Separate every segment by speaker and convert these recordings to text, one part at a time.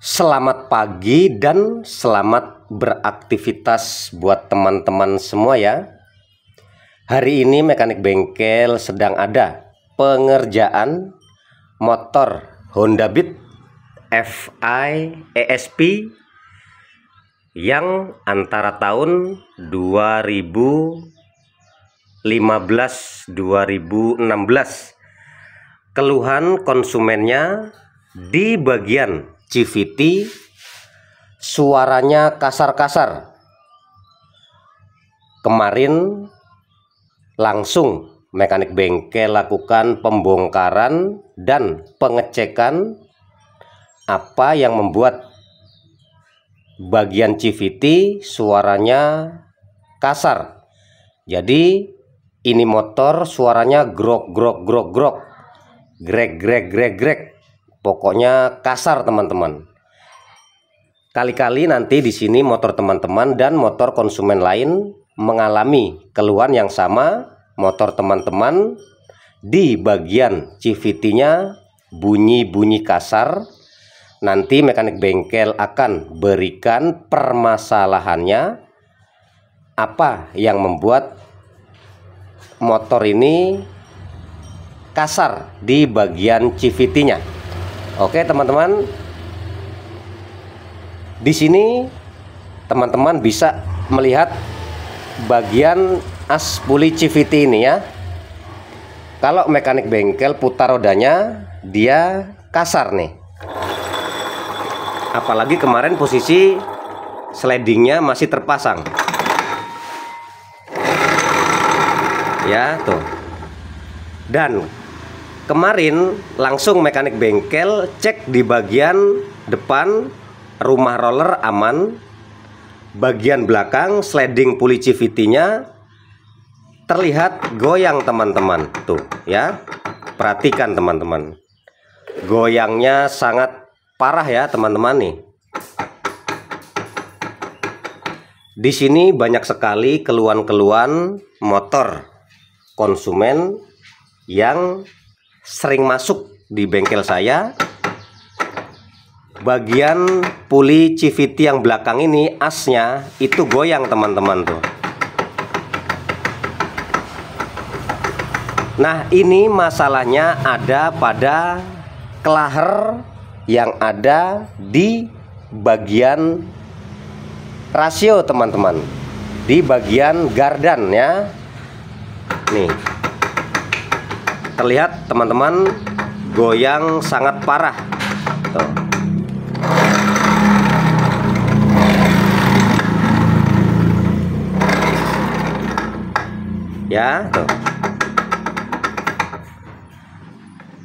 Speaker 1: Selamat pagi dan selamat beraktivitas buat teman-teman semua ya. Hari ini mekanik bengkel sedang ada pengerjaan motor Honda Beat FI ESP yang antara tahun 2015 2016 keluhan konsumennya di bagian CVT suaranya kasar-kasar. Kemarin langsung mekanik bengkel lakukan pembongkaran dan pengecekan apa yang membuat bagian CVT suaranya kasar. Jadi ini motor suaranya grok grok grok grok. Grek grek grek grek. Pokoknya kasar teman-teman. Kali-kali nanti di sini motor teman-teman dan motor konsumen lain mengalami keluhan yang sama, motor teman-teman di bagian CVT-nya bunyi-bunyi kasar. Nanti mekanik bengkel akan berikan permasalahannya apa yang membuat motor ini kasar di bagian CVT-nya. Oke, teman-teman. Di sini teman-teman bisa melihat bagian as puli CVT ini ya. Kalau mekanik bengkel putar rodanya, dia kasar nih. Apalagi kemarin posisi sledingnya masih terpasang. Ya, tuh. Dan kemarin langsung mekanik bengkel cek di bagian depan rumah roller aman bagian belakang sliding puli CVT-nya terlihat goyang teman-teman tuh ya perhatikan teman-teman goyangnya sangat parah ya teman-teman nih di sini banyak sekali keluhan-keluhan motor konsumen yang sering masuk di bengkel saya bagian puli CVT yang belakang ini asnya itu goyang teman-teman tuh nah ini masalahnya ada pada kelaher yang ada di bagian rasio teman-teman di bagian gardan ya nih terlihat teman-teman goyang sangat parah Tuh. ya tuh.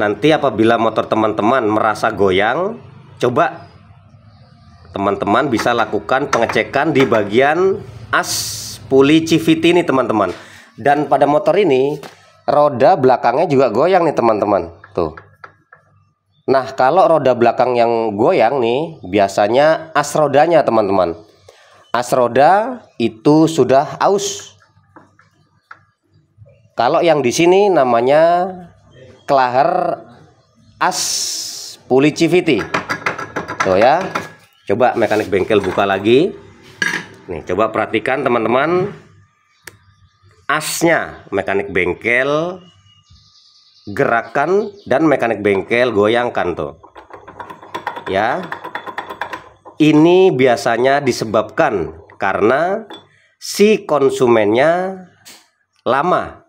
Speaker 1: nanti apabila motor teman-teman merasa goyang coba teman-teman bisa lakukan pengecekan di bagian as puli CVT ini teman-teman dan pada motor ini roda belakangnya juga goyang nih teman-teman tuh nah kalau roda belakang yang goyang nih biasanya as rodanya teman-teman as roda itu sudah aus kalau yang di sini namanya kelahar as pulicivity so ya coba mekanik bengkel buka lagi nih coba perhatikan teman-teman asnya mekanik bengkel gerakan dan mekanik bengkel goyangkan tuh ya ini biasanya disebabkan karena si konsumennya lama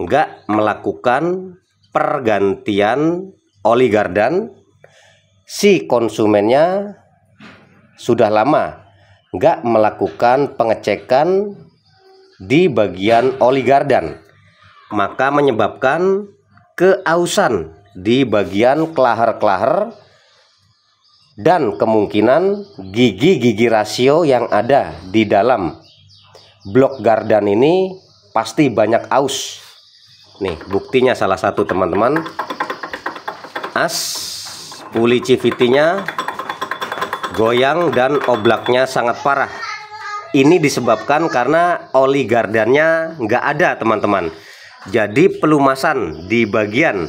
Speaker 1: nggak melakukan pergantian oli gardan si konsumennya sudah lama nggak melakukan pengecekan di bagian oligardan, maka menyebabkan keausan di bagian kelahar-kelahar dan kemungkinan gigi-gigi rasio yang ada di dalam blok gardan ini pasti banyak aus. Nih, buktinya salah satu teman-teman. As puli civitinya goyang dan oblaknya sangat parah. Ini disebabkan karena oli gardannya nggak ada teman-teman. Jadi pelumasan di bagian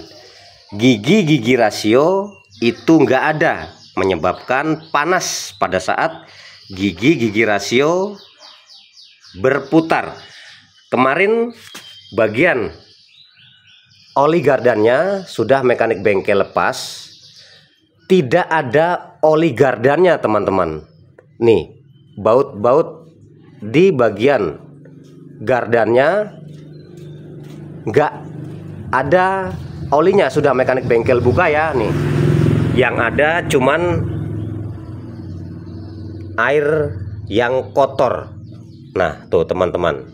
Speaker 1: gigi-gigi rasio itu nggak ada. Menyebabkan panas pada saat gigi-gigi rasio berputar. Kemarin bagian oli gardannya sudah mekanik bengkel lepas tidak ada oli gardannya teman-teman nih baut-baut di bagian gardannya nggak ada olinya sudah mekanik bengkel buka ya nih yang ada cuman air yang kotor nah tuh teman-teman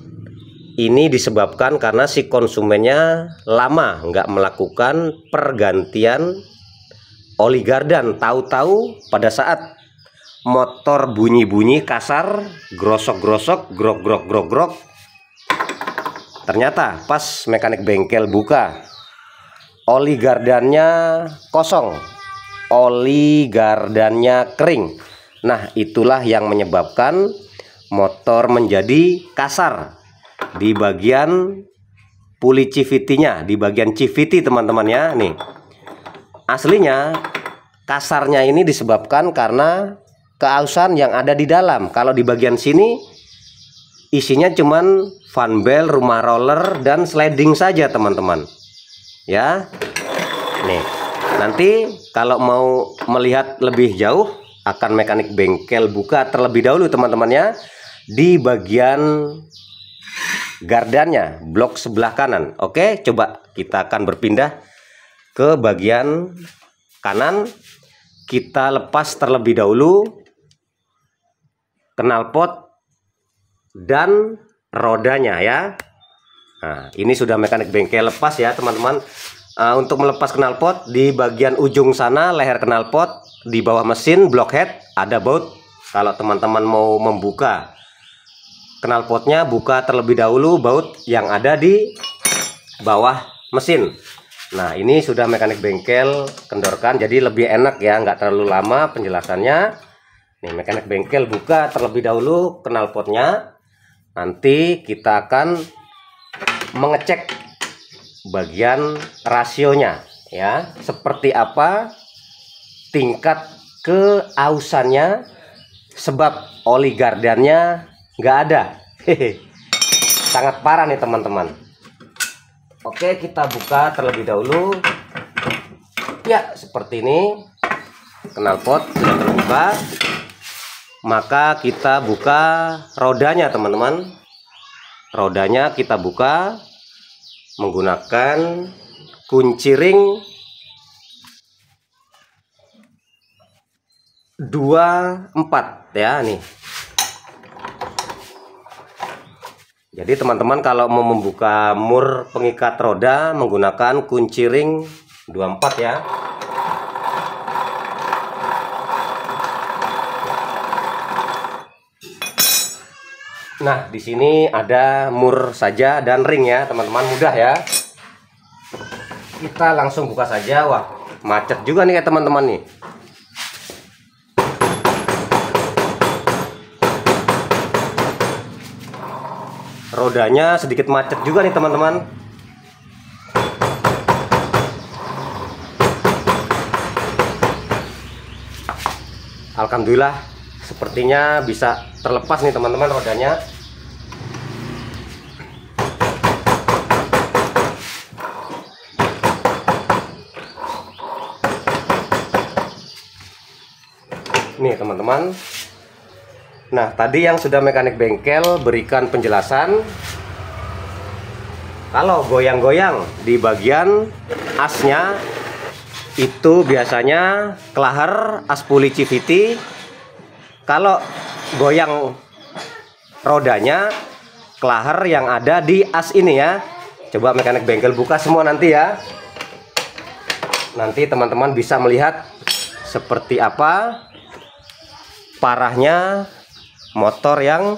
Speaker 1: ini disebabkan karena si konsumennya lama nggak melakukan pergantian oli gardan tahu-tahu pada saat motor bunyi-bunyi kasar, grosok-grosok, grok-grok-grok-grok. Ternyata pas mekanik bengkel buka, oli gardannya kosong, oli gardannya kering. Nah, itulah yang menyebabkan motor menjadi kasar di bagian puli CVT-nya, di bagian CVT teman-teman ya. Nih. Aslinya kasarnya ini disebabkan karena keausan yang ada di dalam. Kalau di bagian sini isinya cuman fan bell, rumah roller dan sliding saja, teman-teman. Ya. Nih. Nanti kalau mau melihat lebih jauh akan mekanik bengkel buka terlebih dahulu teman temannya di bagian gardannya blok sebelah kanan. Oke, coba kita akan berpindah ke bagian kanan kita lepas terlebih dahulu knalpot dan rodanya ya nah, ini sudah mekanik bengkel lepas ya teman-teman uh, untuk melepas knalpot di bagian ujung sana leher knalpot di bawah mesin blockhead ada baut kalau teman-teman mau membuka knalpotnya buka terlebih dahulu baut yang ada di bawah mesin Nah ini sudah mekanik bengkel kendorkan jadi lebih enak ya nggak terlalu lama penjelasannya nih mekanik bengkel buka terlebih dahulu knalpotnya nanti kita akan mengecek bagian rasionya ya seperti apa tingkat keausannya sebab oli gardannya nggak ada hehe sangat parah nih teman-teman oke kita buka terlebih dahulu ya seperti ini knalpot sudah terbuka maka kita buka rodanya teman-teman rodanya kita buka menggunakan kunci ring 24 ya nih jadi teman-teman kalau mau membuka mur pengikat roda menggunakan kunci ring 24 ya Nah, di sini ada mur saja dan ring ya, teman-teman, mudah ya. Kita langsung buka saja. Wah, macet juga nih ya teman-teman nih. Rodanya sedikit macet juga nih, teman-teman. Alhamdulillah sepertinya bisa terlepas nih teman-teman rodanya teman-teman nah tadi yang sudah mekanik bengkel berikan penjelasan kalau goyang-goyang di bagian asnya itu biasanya kelahar as puli civiti kalau goyang rodanya kelahar yang ada di as ini ya coba mekanik bengkel buka semua nanti ya nanti teman-teman bisa melihat seperti apa parahnya motor yang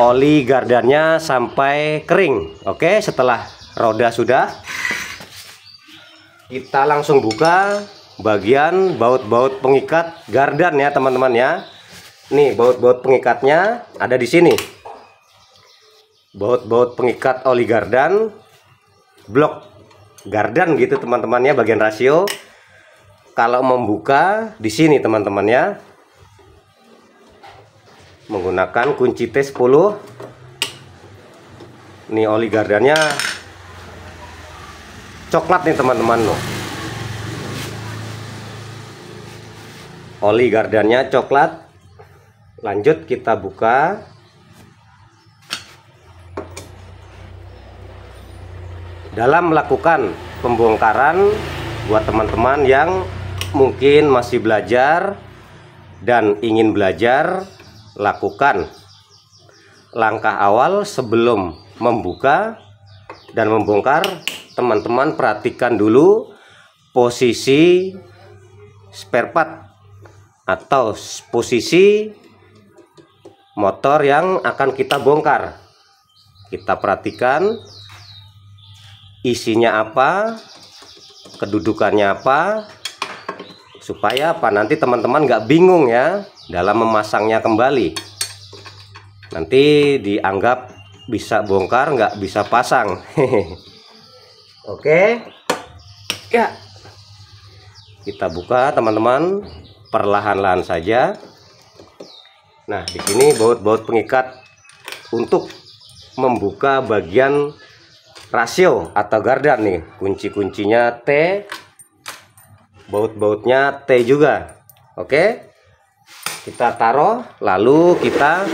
Speaker 1: oli gardannya sampai kering oke setelah roda sudah kita langsung buka bagian baut-baut pengikat gardan ya teman-teman ya nih baut-baut pengikatnya ada di sini baut-baut pengikat oli gardan blok gardan gitu teman-teman ya bagian rasio kalau membuka di sini teman-teman ya menggunakan kunci T10 ini oli gardannya coklat nih teman-teman loh oli gardannya coklat lanjut kita buka dalam melakukan pembongkaran buat teman-teman yang mungkin masih belajar dan ingin belajar lakukan langkah awal sebelum membuka dan membongkar teman-teman perhatikan dulu posisi spare part atau posisi motor yang akan kita bongkar kita perhatikan isinya apa kedudukannya apa supaya apa nanti teman-teman nggak bingung ya dalam memasangnya kembali nanti dianggap bisa bongkar nggak bisa pasang oke ya kita buka teman-teman perlahan-lahan saja nah di sini baut-baut pengikat untuk membuka bagian rasio atau gardan nih kunci-kuncinya T baut-bautnya T juga oke kita taruh lalu kita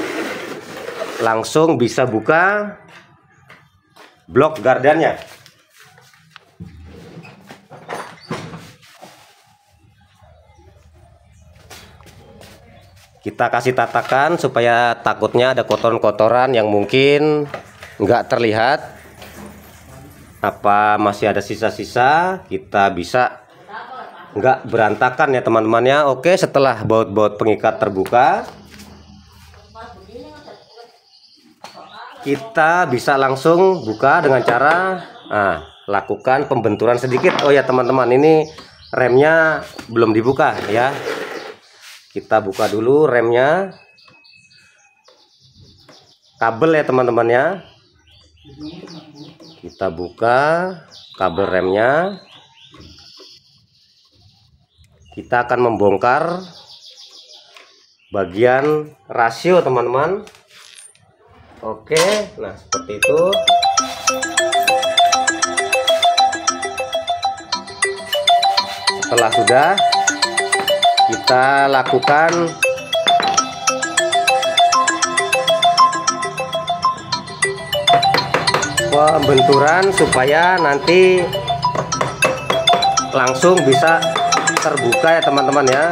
Speaker 1: langsung bisa buka blok gardannya kita kasih tatakan supaya takutnya ada kotoran-kotoran yang mungkin nggak terlihat apa masih ada sisa-sisa kita bisa nggak berantakan ya teman-temannya oke setelah baut-baut pengikat terbuka kita bisa langsung buka dengan cara nah, lakukan pembenturan sedikit oh ya teman-teman ini remnya belum dibuka ya kita buka dulu remnya kabel ya teman-teman ya kita buka kabel remnya kita akan membongkar bagian rasio teman-teman oke nah seperti itu setelah sudah kita lakukan pembenturan supaya nanti langsung bisa terbuka ya teman-teman ya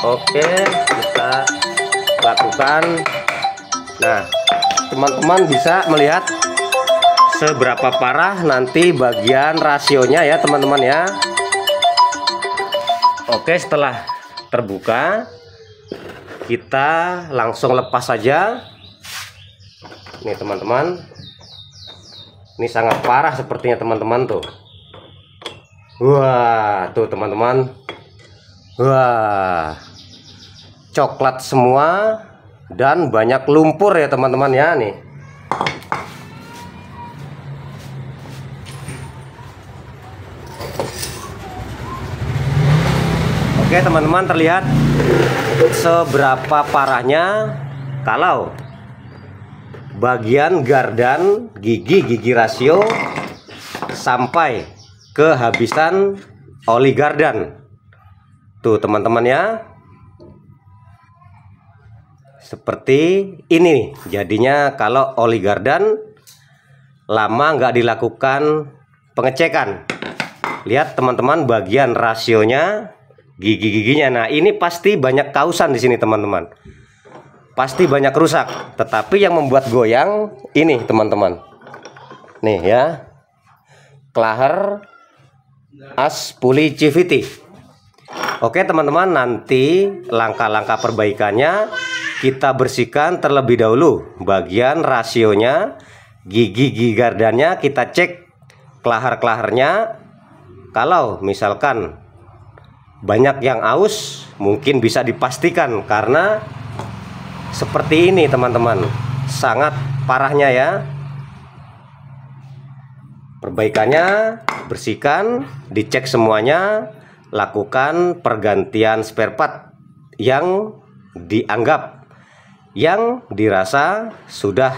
Speaker 1: oke kita lakukan nah teman-teman bisa melihat seberapa parah nanti bagian rasionya ya teman-teman ya oke setelah terbuka kita langsung lepas saja nih teman-teman ini sangat parah sepertinya teman-teman tuh Wah, tuh teman-teman. Wah. Coklat semua dan banyak lumpur ya teman-teman ya nih. Oke, teman-teman terlihat seberapa parahnya kalau bagian gardan gigi gigi rasio sampai kehabisan Oli Gardan. Tuh teman teman ya Seperti ini jadinya kalau Oli Gardan lama nggak dilakukan pengecekan. Lihat teman-teman bagian rasionya gigi-giginya. Nah, ini pasti banyak kausan di sini, teman-teman. Pasti banyak rusak, tetapi yang membuat goyang ini, teman-teman. Nih ya. Klaher as Aspulicivity. Oke teman-teman nanti langkah-langkah perbaikannya kita bersihkan terlebih dahulu bagian rasionya gigi-gigi gardannya kita cek kelahar-kelaharnya kalau misalkan banyak yang aus mungkin bisa dipastikan karena seperti ini teman-teman sangat parahnya ya Perbaikannya bersihkan, dicek semuanya, lakukan pergantian spare part yang dianggap yang dirasa sudah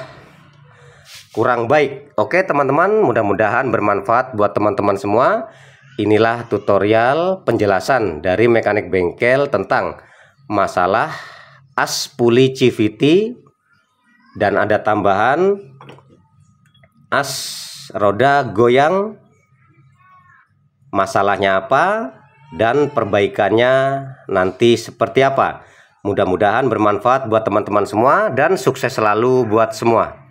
Speaker 1: kurang baik. Oke, teman-teman, mudah-mudahan bermanfaat buat teman-teman semua. Inilah tutorial penjelasan dari mekanik bengkel tentang masalah as puli CVT dan ada tambahan as roda goyang masalahnya apa dan perbaikannya nanti seperti apa. Mudah-mudahan bermanfaat buat teman-teman semua dan sukses selalu buat semua.